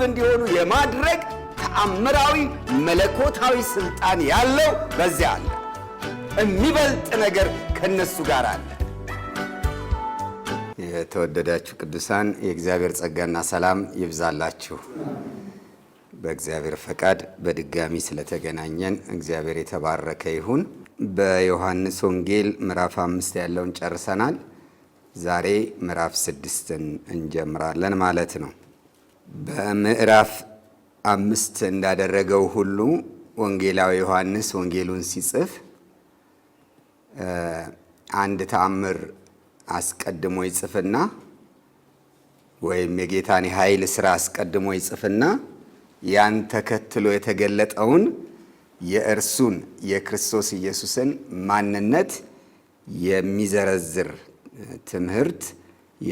ስብስብ እንዲሆኑ የማድረግ ተአምራዊ መለኮታዊ ስልጣን ያለው በዚያ አለ። የሚበልጥ ነገር ከነሱ ጋር አለ። የተወደዳችሁ ቅዱሳን የእግዚአብሔር ጸጋና ሰላም ይብዛላችሁ። በእግዚአብሔር ፈቃድ በድጋሚ ስለተገናኘን እግዚአብሔር የተባረከ ይሁን። በዮሐንስ ወንጌል ምዕራፍ አምስት ያለውን ጨርሰናል። ዛሬ ምዕራፍ ስድስትን እንጀምራለን ማለት ነው። በምዕራፍ አምስት እንዳደረገው ሁሉ ወንጌላዊ ዮሐንስ ወንጌሉን ሲጽፍ አንድ ተአምር አስቀድሞ ይጽፍና ወይም የጌታን የኃይል ስራ አስቀድሞ ይጽፍና ያን ተከትሎ የተገለጠውን የእርሱን የክርስቶስ ኢየሱስን ማንነት የሚዘረዝር ትምህርት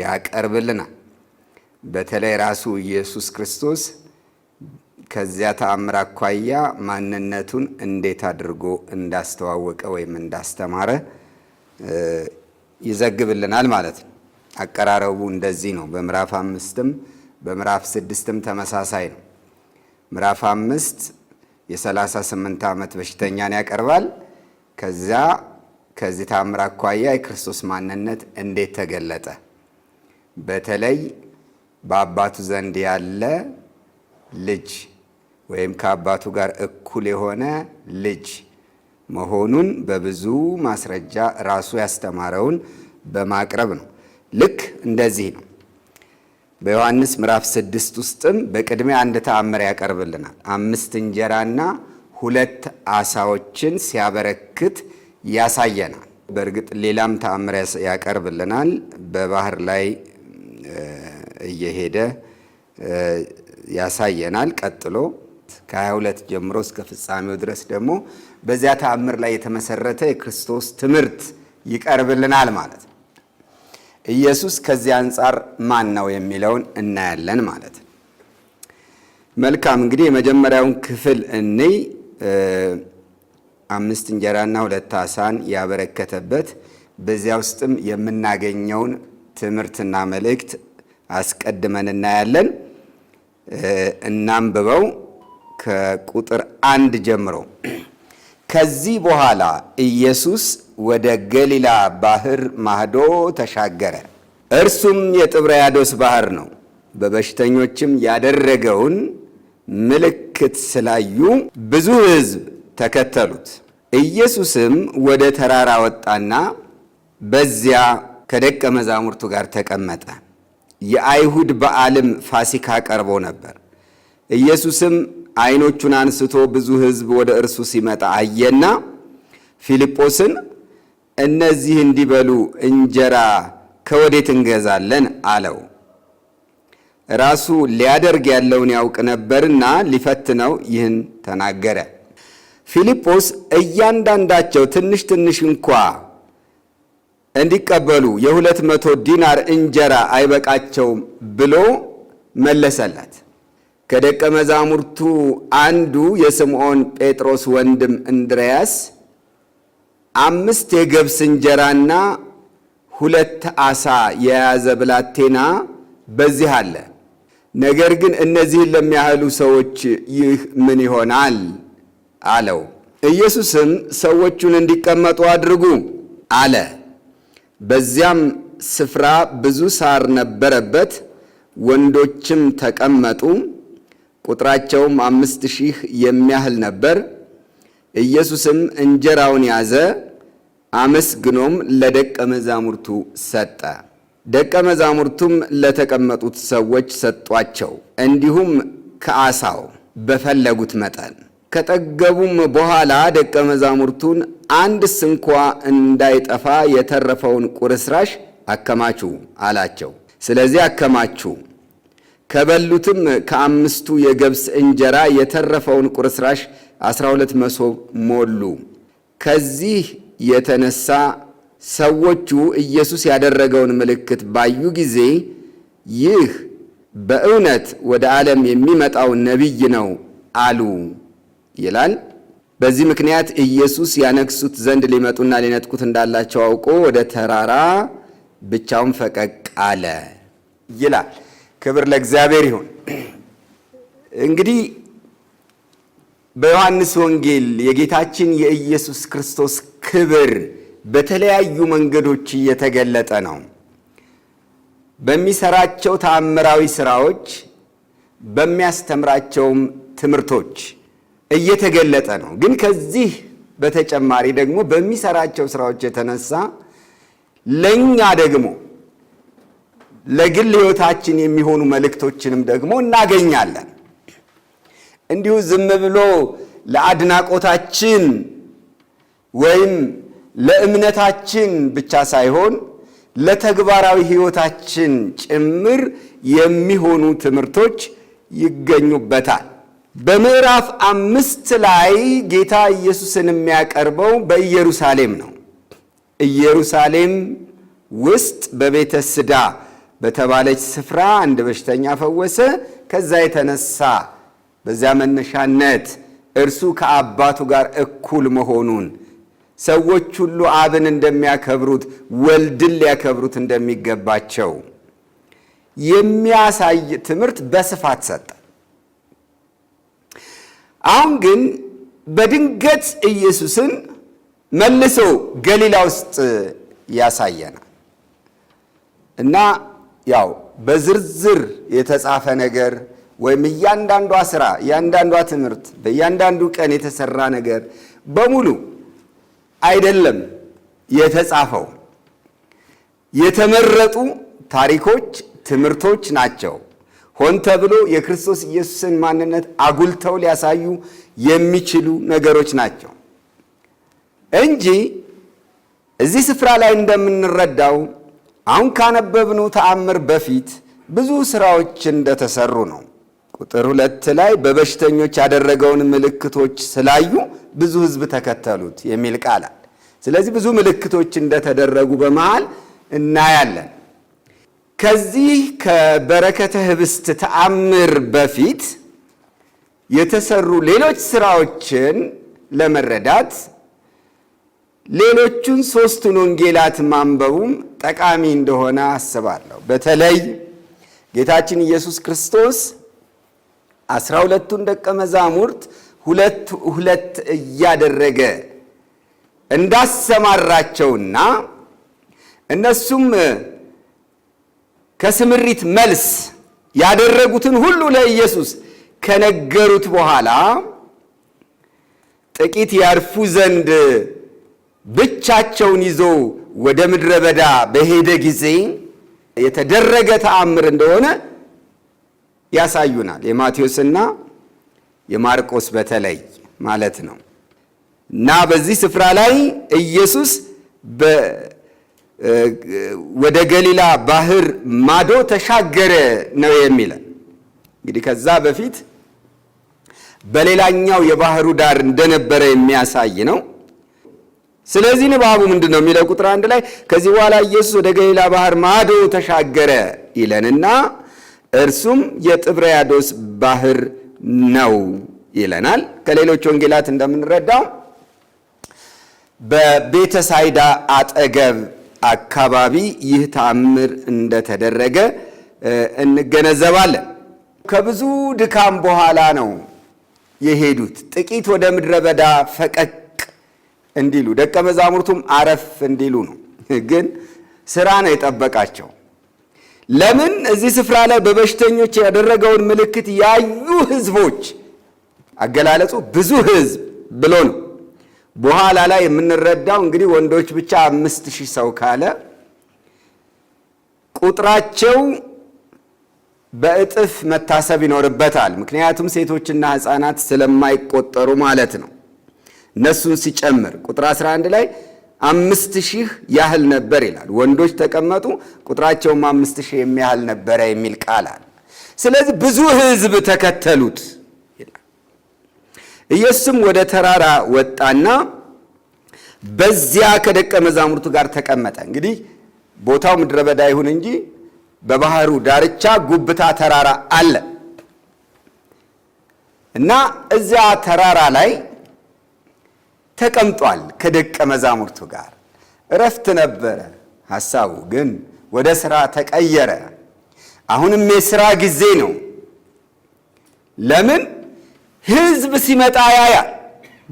ያቀርብልናል። በተለይ ራሱ ኢየሱስ ክርስቶስ ከዚያ ተአምር አኳያ ማንነቱን እንዴት አድርጎ እንዳስተዋወቀ ወይም እንዳስተማረ ይዘግብልናል ማለት ነው። አቀራረቡ እንደዚህ ነው። በምዕራፍ አምስትም በምዕራፍ ስድስትም ተመሳሳይ ነው። ምዕራፍ አምስት የ38 ዓመት በሽተኛን ያቀርባል። ከዚያ ከዚህ ተአምር አኳያ የክርስቶስ ማንነት እንዴት ተገለጠ በተለይ በአባቱ ዘንድ ያለ ልጅ ወይም ከአባቱ ጋር እኩል የሆነ ልጅ መሆኑን በብዙ ማስረጃ ራሱ ያስተማረውን በማቅረብ ነው። ልክ እንደዚህ ነው። በዮሐንስ ምዕራፍ ስድስት ውስጥም በቅድሚያ አንድ ተአምር ያቀርብልናል። አምስት እንጀራና ሁለት አሳዎችን ሲያበረክት ያሳየናል። በእርግጥ ሌላም ተአምር ያቀርብልናል በባህር ላይ እየሄደ ያሳየናል። ቀጥሎ ከ22 ጀምሮ እስከ ፍጻሜው ድረስ ደግሞ በዚያ ተአምር ላይ የተመሰረተ የክርስቶስ ትምህርት ይቀርብልናል ማለት ነው። ኢየሱስ ከዚህ አንጻር ማን ነው የሚለውን እናያለን ማለት ነው። መልካም እንግዲህ የመጀመሪያውን ክፍል እንይ። አምስት እንጀራና ሁለት አሳን ያበረከተበት በዚያ ውስጥም የምናገኘውን ትምህርትና መልእክት አስቀድመን እናያለን። እናንብበው ከቁጥር አንድ ጀምሮ። ከዚህ በኋላ ኢየሱስ ወደ ገሊላ ባህር ማህዶ ተሻገረ። እርሱም የጥብርያዶስ ባህር ነው። በበሽተኞችም ያደረገውን ምልክት ስላዩ ብዙ ሕዝብ ተከተሉት። ኢየሱስም ወደ ተራራ ወጣና በዚያ ከደቀ መዛሙርቱ ጋር ተቀመጠ። የአይሁድ በዓልም ፋሲካ ቀርቦ ነበር። ኢየሱስም አይኖቹን አንስቶ ብዙ ሕዝብ ወደ እርሱ ሲመጣ አየና ፊልጶስን እነዚህ እንዲበሉ እንጀራ ከወዴት እንገዛለን? አለው። ራሱ ሊያደርግ ያለውን ያውቅ ነበርና ሊፈትነው ይህን ተናገረ። ፊልጶስ እያንዳንዳቸው ትንሽ ትንሽ እንኳ እንዲቀበሉ የሁለት መቶ ዲናር እንጀራ አይበቃቸውም ብሎ መለሰላት። ከደቀ መዛሙርቱ አንዱ የስምዖን ጴጥሮስ ወንድም እንድርያስ አምስት የገብስ እንጀራና ሁለት ዓሣ የያዘ ብላቴና በዚህ አለ። ነገር ግን እነዚህን ለሚያህሉ ሰዎች ይህ ምን ይሆናል አለው። ኢየሱስም ሰዎቹን እንዲቀመጡ አድርጉ አለ። በዚያም ስፍራ ብዙ ሳር ነበረበት። ወንዶችም ተቀመጡ፣ ቁጥራቸውም አምስት ሺህ የሚያህል ነበር። ኢየሱስም እንጀራውን ያዘ፣ አመስግኖም ለደቀ መዛሙርቱ ሰጠ። ደቀ መዛሙርቱም ለተቀመጡት ሰዎች ሰጧቸው፣ እንዲሁም ከዓሣው በፈለጉት መጠን ከጠገቡም በኋላ ደቀ መዛሙርቱን አንድ ስንኳ እንዳይጠፋ የተረፈውን ቁርስራሽ አከማቹ አላቸው። ስለዚህ አከማቹ። ከበሉትም ከአምስቱ የገብስ እንጀራ የተረፈውን ቁርስራሽ አስራ ሁለት መሶብ ሞሉ። ከዚህ የተነሳ ሰዎቹ ኢየሱስ ያደረገውን ምልክት ባዩ ጊዜ ይህ በእውነት ወደ ዓለም የሚመጣው ነቢይ ነው አሉ። ይላል። በዚህ ምክንያት ኢየሱስ ያነግሱት ዘንድ ሊመጡና ሊነጥቁት እንዳላቸው አውቆ ወደ ተራራ ብቻውን ፈቀቅ አለ ይላል። ክብር ለእግዚአብሔር ይሁን። እንግዲህ በዮሐንስ ወንጌል የጌታችን የኢየሱስ ክርስቶስ ክብር በተለያዩ መንገዶች እየተገለጠ ነው። በሚሰራቸው ተአምራዊ ስራዎች፣ በሚያስተምራቸውም ትምህርቶች እየተገለጠ ነው። ግን ከዚህ በተጨማሪ ደግሞ በሚሰራቸው ስራዎች የተነሳ ለእኛ ደግሞ ለግል ሕይወታችን የሚሆኑ መልእክቶችንም ደግሞ እናገኛለን። እንዲሁ ዝም ብሎ ለአድናቆታችን ወይም ለእምነታችን ብቻ ሳይሆን ለተግባራዊ ሕይወታችን ጭምር የሚሆኑ ትምህርቶች ይገኙበታል። በምዕራፍ አምስት ላይ ጌታ ኢየሱስን የሚያቀርበው በኢየሩሳሌም ነው። ኢየሩሳሌም ውስጥ በቤተ ስዳ በተባለች ስፍራ አንድ በሽተኛ ፈወሰ። ከዛ የተነሳ በዚያ መነሻነት እርሱ ከአባቱ ጋር እኩል መሆኑን ሰዎች ሁሉ አብን እንደሚያከብሩት ወልድን ሊያከብሩት እንደሚገባቸው የሚያሳይ ትምህርት በስፋት ሰጠ። አሁን ግን በድንገት ኢየሱስን መልሶ ገሊላ ውስጥ ያሳየናል እና ያው በዝርዝር የተጻፈ ነገር ወይም እያንዳንዷ ስራ፣ እያንዳንዷ ትምህርት፣ በእያንዳንዱ ቀን የተሰራ ነገር በሙሉ አይደለም የተጻፈው የተመረጡ ታሪኮች፣ ትምህርቶች ናቸው ሆን ተብሎ የክርስቶስ ኢየሱስን ማንነት አጉልተው ሊያሳዩ የሚችሉ ነገሮች ናቸው እንጂ እዚህ ስፍራ ላይ እንደምንረዳው አሁን ካነበብነው ተአምር በፊት ብዙ ስራዎች እንደተሰሩ ነው። ቁጥር ሁለት ላይ በበሽተኞች ያደረገውን ምልክቶች ስላዩ ብዙ ሕዝብ ተከተሉት የሚል ቃል አለ። ስለዚህ ብዙ ምልክቶች እንደተደረጉ በመሃል እናያለን። ከዚህ ከበረከተ ህብስት ተአምር በፊት የተሰሩ ሌሎች ስራዎችን ለመረዳት ሌሎቹን ሶስቱን ወንጌላት ማንበቡም ጠቃሚ እንደሆነ አስባለሁ። በተለይ ጌታችን ኢየሱስ ክርስቶስ አስራ ሁለቱን ደቀ መዛሙርት ሁለት ሁለት እያደረገ እንዳሰማራቸውና እነሱም ከስምሪት መልስ ያደረጉትን ሁሉ ለኢየሱስ ከነገሩት በኋላ ጥቂት ያርፉ ዘንድ ብቻቸውን ይዞ ወደ ምድረ በዳ በሄደ ጊዜ የተደረገ ተአምር እንደሆነ ያሳዩናል። የማቴዎስና የማርቆስ በተለይ ማለት ነው እና በዚህ ስፍራ ላይ ኢየሱስ ወደ ገሊላ ባህር ማዶ ተሻገረ ነው የሚለን። እንግዲህ ከዛ በፊት በሌላኛው የባህሩ ዳር እንደነበረ የሚያሳይ ነው። ስለዚህ ንባቡ ምንድን ነው የሚለው? ቁጥር አንድ ላይ ከዚህ በኋላ ኢየሱስ ወደ ገሊላ ባህር ማዶ ተሻገረ ይለንና እርሱም የጥብርያዶስ ባህር ነው ይለናል። ከሌሎች ወንጌላት እንደምንረዳው በቤተሳይዳ አጠገብ አካባቢ ይህ ተአምር እንደተደረገ እንገነዘባለን። ከብዙ ድካም በኋላ ነው የሄዱት ጥቂት ወደ ምድረ በዳ ፈቀቅ እንዲሉ ደቀ መዛሙርቱም አረፍ እንዲሉ ነው። ግን ስራ ነው የጠበቃቸው። ለምን እዚህ ስፍራ ላይ በበሽተኞች ያደረገውን ምልክት ያዩ ህዝቦች፣ አገላለጹ ብዙ ህዝብ ብሎ ነው በኋላ ላይ የምንረዳው እንግዲህ ወንዶች ብቻ አምስት ሺህ ሰው ካለ ቁጥራቸው በእጥፍ መታሰብ ይኖርበታል። ምክንያቱም ሴቶችና ሕፃናት ስለማይቆጠሩ ማለት ነው። እነሱን ሲጨምር ቁጥር 11 ላይ አምስት ሺህ ያህል ነበር ይላል። ወንዶች ተቀመጡ፣ ቁጥራቸውም አምስት ሺህ የሚያህል ነበረ የሚል ቃል አለ። ስለዚህ ብዙ ህዝብ ተከተሉት። ኢየሱስም ወደ ተራራ ወጣና በዚያ ከደቀ መዛሙርቱ ጋር ተቀመጠ። እንግዲህ ቦታው ምድረ በዳ ይሁን እንጂ በባህሩ ዳርቻ ጉብታ ተራራ አለ እና እዚያ ተራራ ላይ ተቀምጧል ከደቀ መዛሙርቱ ጋር። እረፍት ነበረ ሐሳቡ፣ ግን ወደ ሥራ ተቀየረ። አሁንም የሥራ ጊዜ ነው። ለምን ህዝብ ሲመጣ ያያል።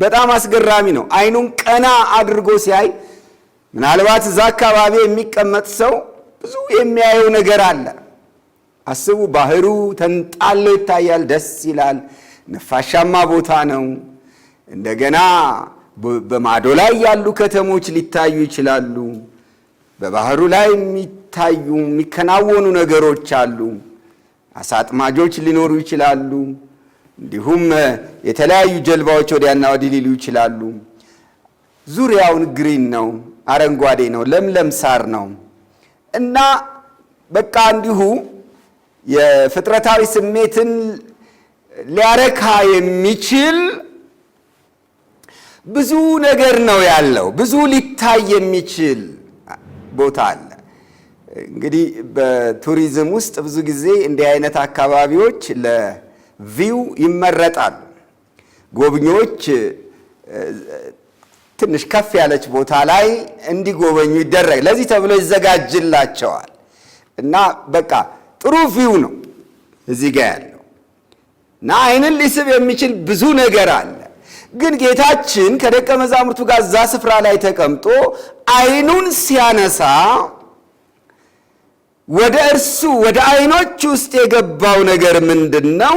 በጣም አስገራሚ ነው። አይኑን ቀና አድርጎ ሲያይ ምናልባት እዛ አካባቢ የሚቀመጥ ሰው ብዙ የሚያየው ነገር አለ። አስቡ፣ ባህሩ ተንጣሎ ይታያል። ደስ ይላል። ነፋሻማ ቦታ ነው። እንደገና በማዶ ላይ ያሉ ከተሞች ሊታዩ ይችላሉ። በባህሩ ላይ የሚታዩ የሚከናወኑ ነገሮች አሉ። አሳጥማጆች ሊኖሩ ይችላሉ። እንዲሁም የተለያዩ ጀልባዎች ወዲያና ወዲህ ሊሉ ይችላሉ። ዙሪያውን ግሪን ነው፣ አረንጓዴ ነው፣ ለምለም ሳር ነው እና በቃ እንዲሁ የፍጥረታዊ ስሜትን ሊያረካ የሚችል ብዙ ነገር ነው ያለው። ብዙ ሊታይ የሚችል ቦታ አለ። እንግዲህ በቱሪዝም ውስጥ ብዙ ጊዜ እንዲህ አይነት አካባቢዎች ቪው ይመረጣል። ጎብኚዎች ትንሽ ከፍ ያለች ቦታ ላይ እንዲጎበኙ ይደረግ ለዚህ ተብሎ ይዘጋጅላቸዋል እና በቃ ጥሩ ቪው ነው እዚህ ጋ ያለው እና አይንን ሊስብ የሚችል ብዙ ነገር አለ። ግን ጌታችን ከደቀ መዛሙርቱ ጋር እዛ ስፍራ ላይ ተቀምጦ አይኑን ሲያነሳ ወደ እርሱ ወደ አይኖች ውስጥ የገባው ነገር ምንድን ነው?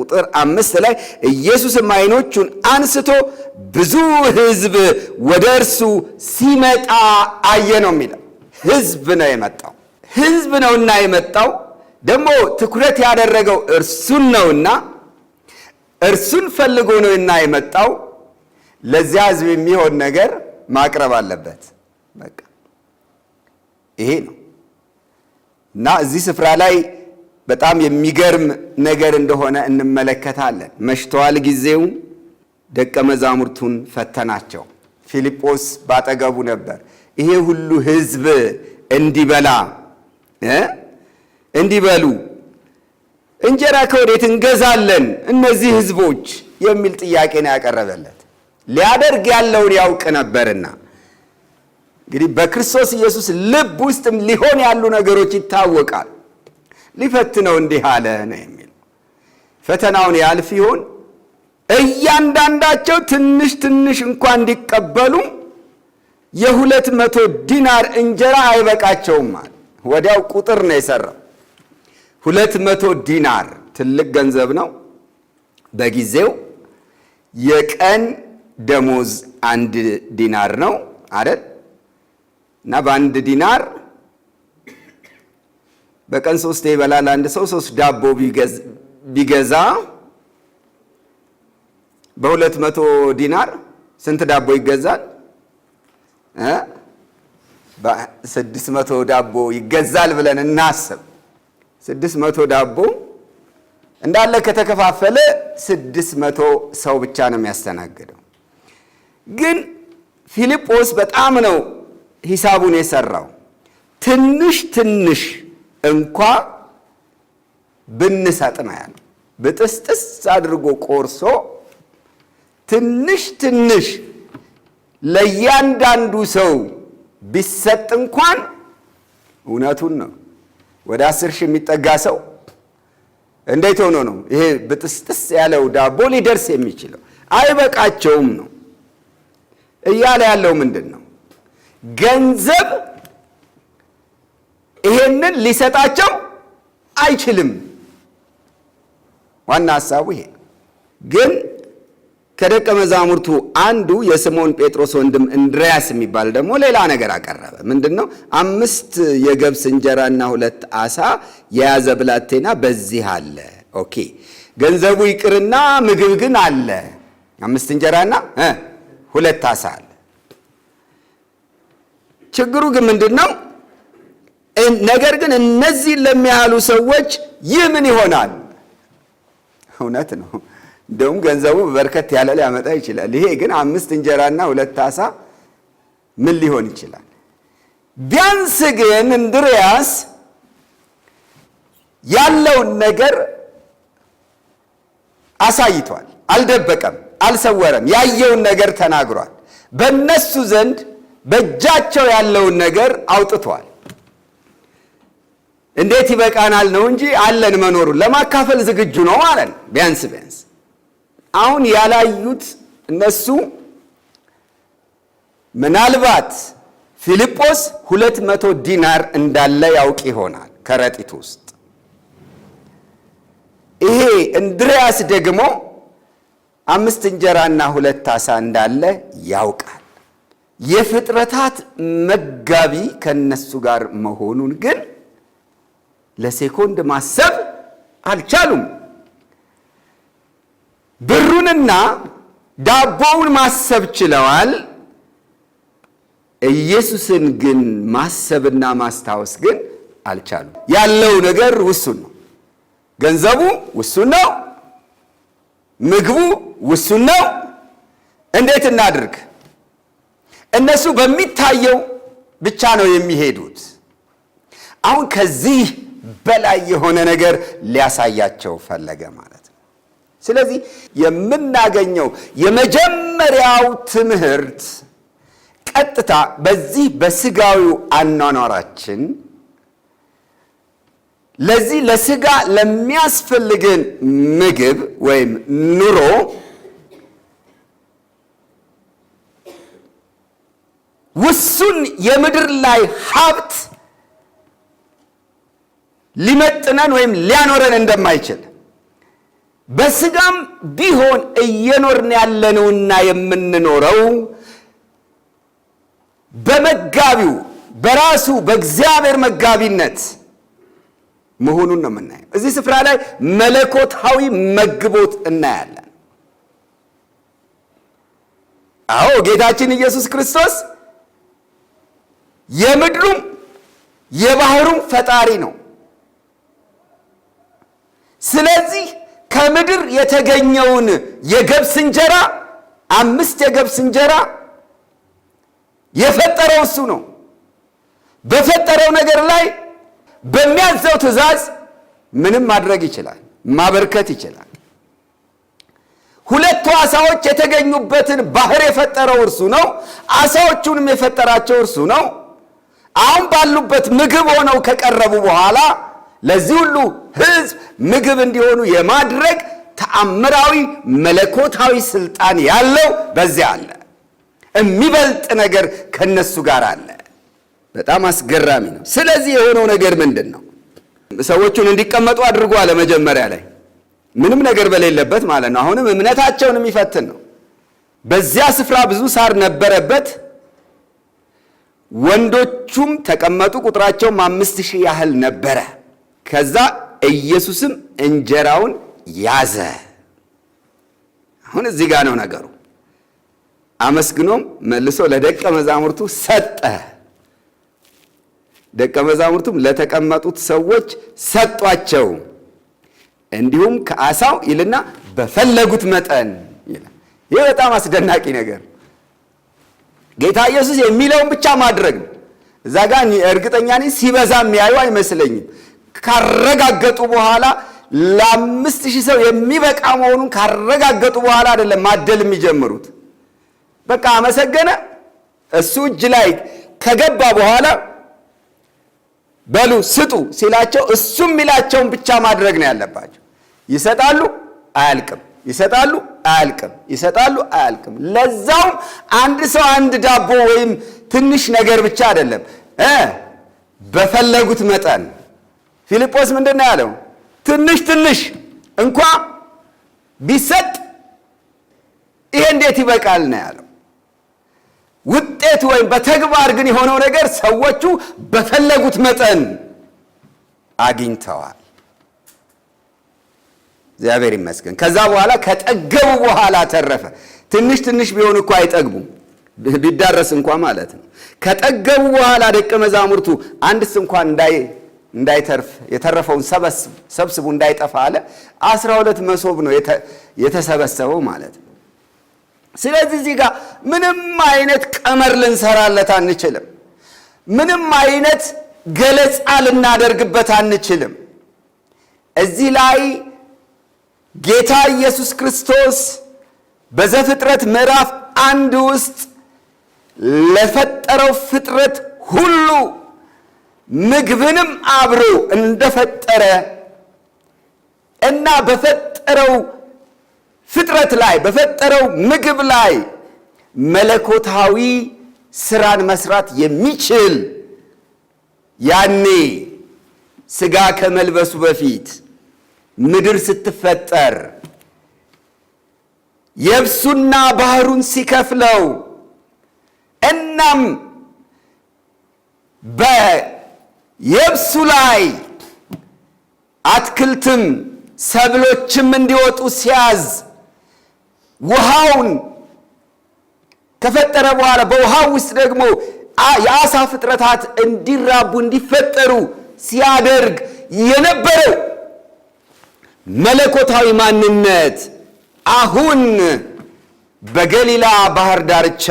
ቁጥር አምስት ላይ ኢየሱስም ዓይኖቹን አንስቶ ብዙ ሕዝብ ወደ እርሱ ሲመጣ አየ ነው የሚለው። ሕዝብ ነው የመጣው። ሕዝብ ነውና የመጣው ደግሞ ትኩረት ያደረገው እርሱን ነውና እርሱን ፈልጎ ነውና የመጣው ለዚያ ሕዝብ የሚሆን ነገር ማቅረብ አለበት። በቃ ይሄ ነው እና እዚህ ስፍራ ላይ በጣም የሚገርም ነገር እንደሆነ እንመለከታለን። መሽተዋል፣ ጊዜው ደቀ መዛሙርቱን ፈተናቸው። ፊልጶስ ባጠገቡ ነበር። ይሄ ሁሉ ሕዝብ እንዲበላ እንዲበሉ እንጀራ ከወዴት እንገዛለን እነዚህ ሕዝቦች የሚል ጥያቄ ነው ያቀረበለት። ሊያደርግ ያለውን ያውቅ ነበርና እንግዲህ በክርስቶስ ኢየሱስ ልብ ውስጥም ሊሆን ያሉ ነገሮች ይታወቃል። ሊፈትነው እንዲህ አለ ነው የሚል። ፈተናውን ያልፍ ይሆን? እያንዳንዳቸው ትንሽ ትንሽ እንኳ እንዲቀበሉም የሁለት መቶ ዲናር እንጀራ አይበቃቸውም አለ። ወዲያው ቁጥር ነው የሰራው። ሁለት መቶ ዲናር ትልቅ ገንዘብ ነው በጊዜው። የቀን ደሞዝ አንድ ዲናር ነው አደል እና በአንድ ዲናር በቀን ሶስት ይበላል። አንድ ሰው ሶስት ዳቦ ቢገዛ በሁለት መቶ ዲናር ስንት ዳቦ ይገዛል? ስድስት መቶ ዳቦ ይገዛል ብለን እናስብ። ስድስት መቶ ዳቦ እንዳለ ከተከፋፈለ ስድስት መቶ ሰው ብቻ ነው የሚያስተናግደው። ግን ፊልጶስ በጣም ነው ሂሳቡን የሰራው። ትንሽ ትንሽ እንኳ ብንሰጥ ነው ያለው። ብጥስጥስ አድርጎ ቆርሶ ትንሽ ትንሽ ለእያንዳንዱ ሰው ቢሰጥ እንኳን እውነቱን ነው ወደ አስር ሺህ የሚጠጋ ሰው እንዴት ሆኖ ነው ይሄ ብጥስጥስ ያለው ዳቦ ሊደርስ የሚችለው? አይበቃቸውም ነው እያለ ያለው ምንድን ነው ገንዘብ ይሄንን ሊሰጣቸው አይችልም። ዋና ሐሳቡ ይሄ ግን ከደቀ መዛሙርቱ አንዱ የስምዖን ጴጥሮስ ወንድም እንድርያስ የሚባል ደግሞ ሌላ ነገር አቀረበ። ምንድን ነው? አምስት የገብስ እንጀራና ሁለት አሳ የያዘ ብላቴና በዚህ አለ። ኦኬ፣ ገንዘቡ ይቅርና ምግብ ግን አለ። አምስት እንጀራና ሁለት አሳ አለ። ችግሩ ግን ምንድን ነው? ነገር ግን እነዚህን ለሚያሉ ሰዎች ይህ ምን ይሆናል? እውነት ነው። እንደውም ገንዘቡ በርከት ያለ ሊያመጣ ይችላል። ይሄ ግን አምስት እንጀራና ሁለት አሳ ምን ሊሆን ይችላል? ቢያንስ ግን እንድርያስ ያለውን ነገር አሳይቷል። አልደበቀም፣ አልሰወረም። ያየውን ነገር ተናግሯል። በእነሱ ዘንድ በእጃቸው ያለውን ነገር አውጥቷል። እንዴት ይበቃናል ነው እንጂ አለን መኖሩን ለማካፈል ዝግጁ ነው አለን። ቢያንስ ቢያንስ አሁን ያላዩት እነሱ ምናልባት ፊልጶስ ሁለት መቶ ዲናር እንዳለ ያውቅ ይሆናል ከረጢት ውስጥ። ይሄ እንድርያስ ደግሞ አምስት እንጀራና ሁለት አሳ እንዳለ ያውቃል። የፍጥረታት መጋቢ ከነሱ ጋር መሆኑን ግን ለሴኮንድ ማሰብ አልቻሉም። ብሩንና ዳቦውን ማሰብ ችለዋል። ኢየሱስን ግን ማሰብና ማስታወስ ግን አልቻሉም። ያለው ነገር ውሱን ነው። ገንዘቡ ውሱን ነው። ምግቡ ውሱን ነው። እንዴት እናድርግ? እነሱ በሚታየው ብቻ ነው የሚሄዱት። አሁን ከዚህ በላይ የሆነ ነገር ሊያሳያቸው ፈለገ ማለት ነው። ስለዚህ የምናገኘው የመጀመሪያው ትምህርት ቀጥታ በዚህ በስጋዊው አኗኗራችን ለዚህ ለስጋ ለሚያስፈልግን ምግብ ወይም ኑሮ ውሱን የምድር ላይ ሀብት ሊመጥነን ወይም ሊያኖረን እንደማይችል በስጋም ቢሆን እየኖርን ያለነውና የምንኖረው በመጋቢው በራሱ በእግዚአብሔር መጋቢነት መሆኑን ነው የምናየው። እዚህ ስፍራ ላይ መለኮታዊ መግቦት እናያለን። አዎ ጌታችን ኢየሱስ ክርስቶስ የምድሩም የባህሩም ፈጣሪ ነው። ስለዚህ ከምድር የተገኘውን የገብስ እንጀራ አምስት የገብስ እንጀራ የፈጠረው እሱ ነው። በፈጠረው ነገር ላይ በሚያዘው ትእዛዝ ምንም ማድረግ ይችላል፣ ማበርከት ይችላል። ሁለቱ አሳዎች የተገኙበትን ባህር የፈጠረው እርሱ ነው። አሳዎቹንም የፈጠራቸው እርሱ ነው። አሁን ባሉበት ምግብ ሆነው ከቀረቡ በኋላ ለዚህ ሁሉ ሕዝብ ምግብ እንዲሆኑ የማድረግ ተአምራዊ መለኮታዊ ስልጣን ያለው በዚያ አለ። የሚበልጥ ነገር ከነሱ ጋር አለ። በጣም አስገራሚ ነው። ስለዚህ የሆነው ነገር ምንድን ነው? ሰዎቹን እንዲቀመጡ አለ። መጀመሪያ ላይ ምንም ነገር በሌለበት ማለት ነው። አሁንም እምነታቸውን የሚፈትን ነው። በዚያ ስፍራ ብዙ ሳር ነበረበት። ወንዶቹም ተቀመጡ፣ ቁጥራቸውም አምስት ሺህ ያህል ነበረ። ከዛ ኢየሱስም እንጀራውን ያዘ። አሁን እዚህ ጋር ነው ነገሩ። አመስግኖም መልሶ ለደቀ መዛሙርቱ ሰጠ። ደቀ መዛሙርቱም ለተቀመጡት ሰዎች ሰጧቸው። እንዲሁም ከአሳው ይልና በፈለጉት መጠን ይላል። ይህ በጣም አስደናቂ ነገር ጌታ ኢየሱስ የሚለውን ብቻ ማድረግ ነው። እዛ ጋር እርግጠኛ ነኝ ሲበዛ የሚያዩ አይመስለኝም። ካረጋገጡ በኋላ ለአምስት ሺህ ሰው የሚበቃ መሆኑን ካረጋገጡ በኋላ አይደለም ማደል የሚጀምሩት። በቃ አመሰገነ። እሱ እጅ ላይ ከገባ በኋላ በሉ ስጡ ሲላቸው እሱም የሚላቸውን ብቻ ማድረግ ነው ያለባቸው። ይሰጣሉ፣ አያልቅም። ይሰጣሉ፣ አያልቅም። ይሰጣሉ፣ አያልቅም። ለዛውም አንድ ሰው አንድ ዳቦ ወይም ትንሽ ነገር ብቻ አይደለም፣ በፈለጉት መጠን ፊልጶስ ምንድን ነው ያለው? ትንሽ ትንሽ እንኳ ቢሰጥ ይሄ እንዴት ይበቃል ነው ያለው። ውጤት ወይም በተግባር ግን የሆነው ነገር ሰዎቹ በፈለጉት መጠን አግኝተዋል። እግዚአብሔር ይመስገን። ከዛ በኋላ ከጠገቡ በኋላ ተረፈ። ትንሽ ትንሽ ቢሆን እኮ አይጠግቡም፣ ቢዳረስ እንኳ ማለት ነው። ከጠገቡ በኋላ ደቀ መዛሙርቱ አንድስ እንኳን እንዳይ እንዳይተርፍ የተረፈውን ሰብስቡ እንዳይጠፋ አለ። አስራ ሁለት መሶብ ነው የተሰበሰበው ማለት ነው። ስለዚህ እዚህ ጋር ምንም አይነት ቀመር ልንሰራለት አንችልም። ምንም አይነት ገለጻ ልናደርግበት አንችልም። እዚህ ላይ ጌታ ኢየሱስ ክርስቶስ በዘፍጥረት ምዕራፍ አንድ ውስጥ ለፈጠረው ፍጥረት ሁሉ ምግብንም አብሮ እንደፈጠረ እና በፈጠረው ፍጥረት ላይ በፈጠረው ምግብ ላይ መለኮታዊ ስራን መስራት የሚችል ያኔ ስጋ ከመልበሱ በፊት ምድር ስትፈጠር የብሱና ባህሩን ሲከፍለው እናም የብሱ ላይ አትክልትም ሰብሎችም እንዲወጡ ሲያዝ ውሃውን ከፈጠረ በኋላ በውሃው ውስጥ ደግሞ የአሳ ፍጥረታት እንዲራቡ እንዲፈጠሩ ሲያደርግ የነበረው መለኮታዊ ማንነት አሁን በገሊላ ባህር ዳርቻ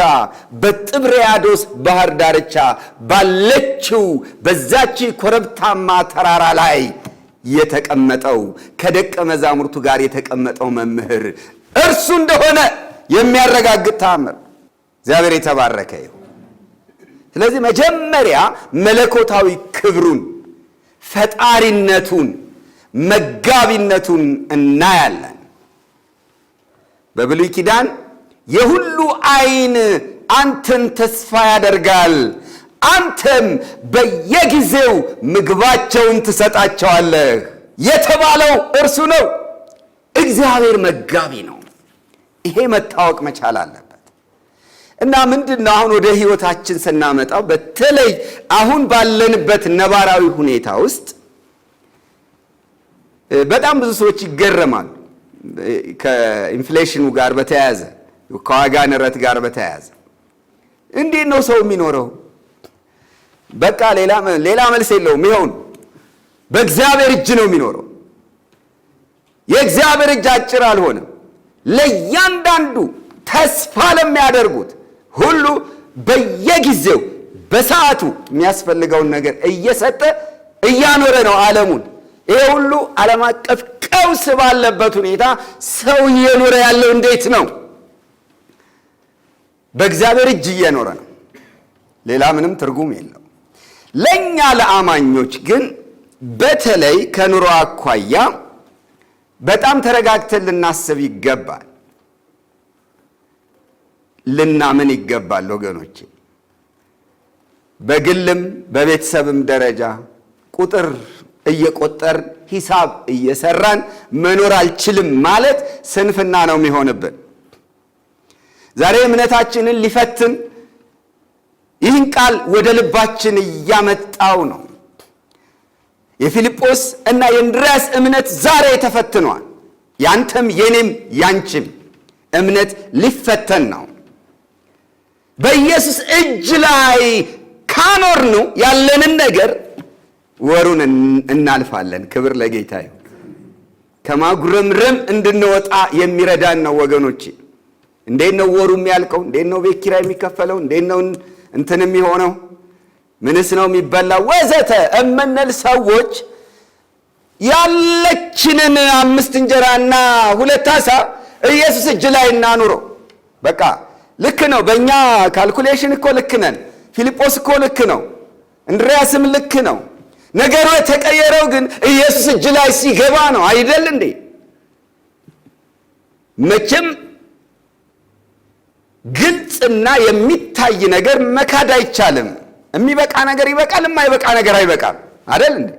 በጥብርያዶስ ባህር ዳርቻ ባለችው በዛች ኮረብታማ ተራራ ላይ የተቀመጠው ከደቀ መዛሙርቱ ጋር የተቀመጠው መምህር እርሱ እንደሆነ የሚያረጋግጥ ታምር እግዚአብሔር የተባረከ ይሁን። ስለዚህ መጀመሪያ መለኮታዊ ክብሩን፣ ፈጣሪነቱን፣ መጋቢነቱን እናያለን በብሉይ ኪዳን የሁሉ አይን አንተን ተስፋ ያደርጋል። አንተም በየጊዜው ምግባቸውን ትሰጣቸዋለህ የተባለው እርሱ ነው። እግዚአብሔር መጋቢ ነው። ይሄ መታወቅ መቻል አለበት እና ምንድን ነው አሁን ወደ ሕይወታችን ስናመጣው በተለይ አሁን ባለንበት ነባራዊ ሁኔታ ውስጥ በጣም ብዙ ሰዎች ይገረማሉ ከኢንፍሌሽኑ ጋር በተያያዘ ከዋጋ ንረት ጋር በተያያዘ እንዴት ነው ሰው የሚኖረው? በቃ ሌላ መልስ የለውም። ይኸውን በእግዚአብሔር እጅ ነው የሚኖረው። የእግዚአብሔር እጅ አጭር አልሆነም። ለእያንዳንዱ ተስፋ ለሚያደርጉት ሁሉ በየጊዜው በሰዓቱ የሚያስፈልገውን ነገር እየሰጠ እያኖረ ነው ዓለሙን። ይሄ ሁሉ ዓለም አቀፍ ቀውስ ባለበት ሁኔታ ሰው እየኖረ ያለው እንዴት ነው? በእግዚአብሔር እጅ እየኖረ ነው። ሌላ ምንም ትርጉም የለው። ለእኛ ለአማኞች ግን በተለይ ከኑሮ አኳያ በጣም ተረጋግተን ልናስብ ይገባል፣ ልናምን ይገባል ወገኖቼ። በግልም በቤተሰብም ደረጃ ቁጥር እየቆጠርን ሂሳብ እየሰራን መኖር አልችልም ማለት ስንፍና ነው የሚሆንብን። ዛሬ እምነታችንን ሊፈትን ይህን ቃል ወደ ልባችን እያመጣው ነው። የፊልጶስ እና የእንድርያስ እምነት ዛሬ ተፈትኗል። ያንተም የኔም ያንቺም እምነት ሊፈተን ነው። በኢየሱስ እጅ ላይ ካኖርኑ ያለንን ነገር ወሩን እናልፋለን። ክብር ለጌታ ይሁን። ከማጉረምረም እንድንወጣ የሚረዳን ነው ወገኖቼ። እንዴት ነው ወሩ የሚያልቀው? እንዴት ነው ቤት ኪራይ የሚከፈለው? እንዴት ነው እንትን የሚሆነው? ምንስ ነው የሚበላው? ወዘተ እምንል ሰዎች ያለችንን አምስት እንጀራና ሁለት አሳ ኢየሱስ እጅ ላይ እናኑረው። በቃ ልክ ነው። በእኛ ካልኩሌሽን እኮ ልክ ነን። ፊልጶስ እኮ ልክ ነው። እንድሪያስም ልክ ነው። ነገሩ የተቀየረው ግን ኢየሱስ እጅ ላይ ሲገባ ነው። አይደል እንዴ? መቼም ግልጽና የሚታይ ነገር መካድ አይቻልም። የሚበቃ ነገር ይበቃል፣ የማይበቃ ነገር አይበቃም። አደል እንዴ?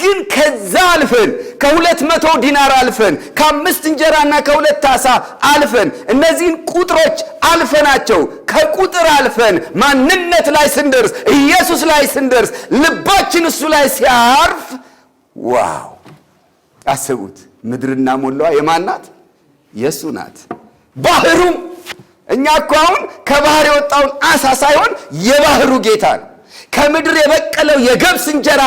ግን ከዛ አልፈን ከሁለት መቶ ዲናር አልፈን ከአምስት እንጀራና ከሁለት ዓሣ አልፈን እነዚህን ቁጥሮች አልፈናቸው ከቁጥር አልፈን ማንነት ላይ ስንደርስ ኢየሱስ ላይ ስንደርስ ልባችን እሱ ላይ ሲያርፍ ዋው! አስቡት። ምድርና ሞላዋ የማን ናት? የእሱ ናት። ባህሩ እኛ እኮ አሁን ከባህር የወጣውን አሳ ሳይሆን የባህሩ ጌታ ነው። ከምድር የበቀለው የገብስ እንጀራ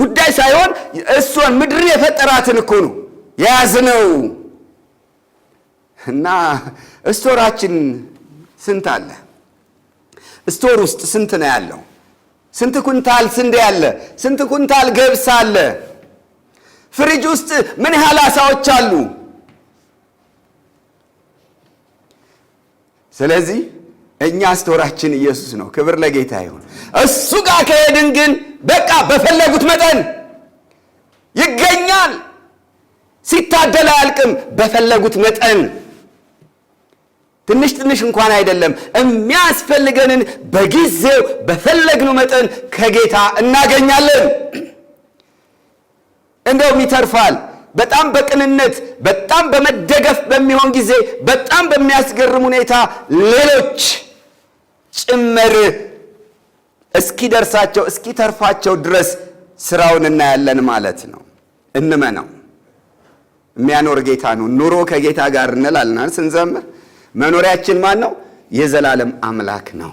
ጉዳይ ሳይሆን እሷን ምድር የፈጠራትን እኮ ነው የያዝነው። እና ስቶራችን ስንት አለ? ስቶር ውስጥ ስንት ነው ያለው? ስንት ኩንታል ስንዴ አለ? ስንት ኩንታል ገብስ አለ? ፍሪጅ ውስጥ ምን ያህል አሳዎች አሉ? ስለዚህ እኛ ስቶራችን ኢየሱስ ነው። ክብር ለጌታ ይሁን። እሱ ጋር ከሄድን ግን በቃ በፈለጉት መጠን ይገኛል። ሲታደል አያልቅም። በፈለጉት መጠን ትንሽ ትንሽ እንኳን አይደለም፣ የሚያስፈልገንን በጊዜው በፈለግነው መጠን ከጌታ እናገኛለን። እንደውም ይተርፋል። በጣም በቅንነት በጣም በመደገፍ በሚሆን ጊዜ በጣም በሚያስገርም ሁኔታ ሌሎች ጭምር እስኪደርሳቸው እስኪተርፋቸው ድረስ ስራውን እናያለን ማለት ነው። እንመነው። የሚያኖር ጌታ ነው። ኑሮ ከጌታ ጋር እንላልናል ስንዘምር። መኖሪያችን ማን ነው? የዘላለም አምላክ ነው።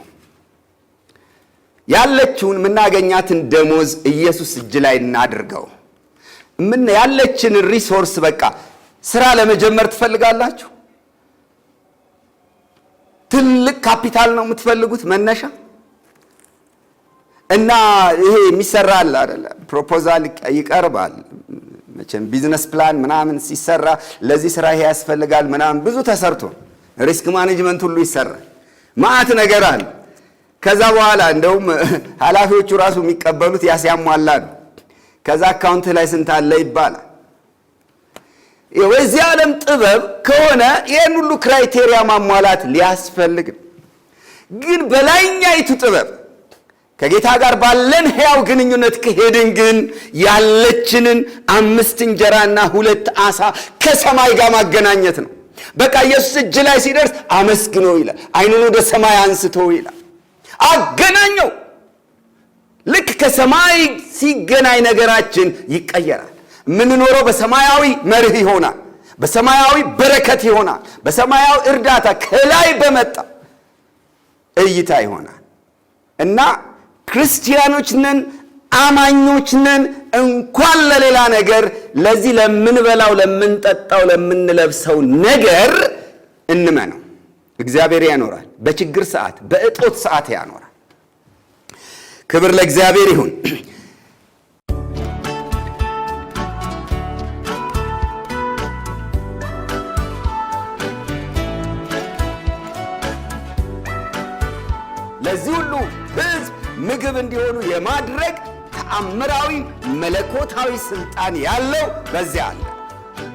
ያለችውን የምናገኛትን ደሞዝ ኢየሱስ እጅ ላይ እናድርገው። ምን ያለችን ሪሶርስ በቃ ስራ ለመጀመር ትፈልጋላችሁ? ትልቅ ካፒታል ነው የምትፈልጉት መነሻ እና ይሄ የሚሰራ አለ አይደለ? ፕሮፖዛል ይቀርባል። መቼም ቢዝነስ ፕላን ምናምን ሲሰራ ለዚህ ስራ ይሄ ያስፈልጋል ምናምን ብዙ ተሰርቶ ሪስክ ማኔጅመንት ሁሉ ይሰራል። ማአት ነገር አለ። ከዛ በኋላ እንደውም ኃላፊዎቹ ራሱ የሚቀበሉት ያሲያሟላ ነው። ከዛ አካውንት ላይ ስንት አለ ይባላል። የዚህ ዓለም ጥበብ ከሆነ ይህን ሁሉ ክራይቴሪያ ማሟላት ሊያስፈልግ ግን በላይኛይቱ ጥበብ ከጌታ ጋር ባለን ሕያው ግንኙነት ከሄድን ግን ያለችንን አምስት እንጀራና ሁለት ዓሣ ከሰማይ ጋር ማገናኘት ነው። በቃ ኢየሱስ እጅ ላይ ሲደርስ አመስግኖ ይላል። ዓይኑን ወደ ሰማይ አንስቶ ይላል አገናኘው። ሰማይ ሲገናኝ ነገራችን ይቀየራል። የምንኖረው በሰማያዊ መርህ ይሆናል። በሰማያዊ በረከት ይሆናል። በሰማያዊ እርዳታ ከላይ በመጣ እይታ ይሆናል እና ክርስቲያኖች ነን፣ አማኞች ነን። እንኳን ለሌላ ነገር ለዚህ ለምንበላው፣ ለምንጠጣው፣ ለምንለብሰው ነገር እንመነው። እግዚአብሔር ያኖራል። በችግር ሰዓት፣ በእጦት ሰዓት ያኖራል። ክብር ለእግዚአብሔር ይሁን። ለዚህ ሁሉ ሕዝብ ምግብ እንዲሆኑ የማድረግ ተአምራዊ መለኮታዊ ስልጣን ያለው በዚያ አለ።